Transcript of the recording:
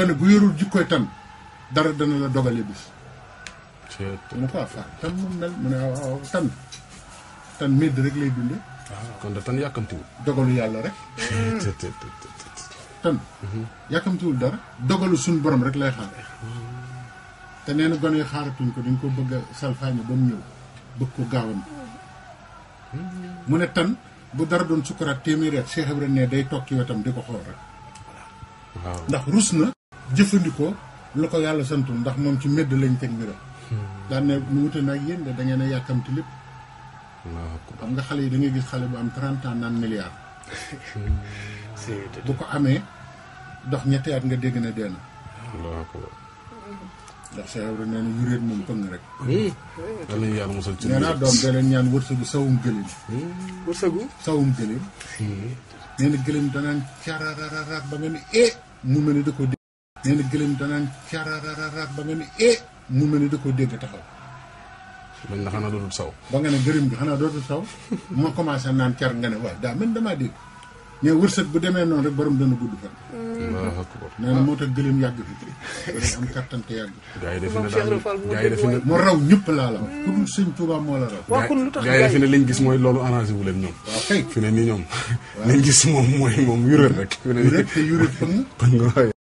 gone bu yorul jikkoy tan dara dana la dogale bis mu ko fa tan mu mel mu ne tan tan med rek lay dundé ah, kon da tan yàkkamtiwul dogalu yalla rek tan mhm. yàkkamtiwul dara dogalu sun borom rek lay xaar te nee na gone yi xaaratuñ ko dañ ko bëgg salfañu salfaañe ba mu bëgg ko gaawam mhm. mu ne tan bu dara doon sukuraat téeméeri at Cheikh ne day tokki ci wetam di ko xool rek ndax rus na jëfëndiko la ko yàlla santul ndax moom ci medd lañ teg mbiram daan ne mu wute nag yéen da ngeen a yàkkamti lépp xam nga xale yi da ngay gis xale bu am 30 ans naan milliard bu ko amee dox ñetti at nga dégg ne dee na ndax Cheikh Ibra nee na yuréet moom pëng rek danañ yàlla mosal ci nee naa doom da leen ñaan wërsëgu sawum gëlim wërsëgu sawum gëlim nee na gëlim danaan cararararar ba nga ne eh mu mel ni da ko nee na gëlëm danaan cararaaraar ba nga ne eh mu mel ni da koo dégg taxaw. na xanaa saw. ba nga ne gërëm bi xanaa dootul saw. moo commencé naan car nga ne waaye daa mel damaa dégg. mais wërsëg bu demee noonu rek borom dana gudd fan. waaw nee na moo tax gëlëm yàgg fi. dana am te yàgg. gaa na gaa yi defi na moo raw ñëpp laa la wax. ku dul sëñ Touba moo la raw. waaw kon lu tax gaa yi defi na liñ gis mooy loolu arrangé wu leen ñoom. waaw kay fi ne nii ñoom. liñ gis moom mooy moom yuréel rek. yuréel te yuréel pëng.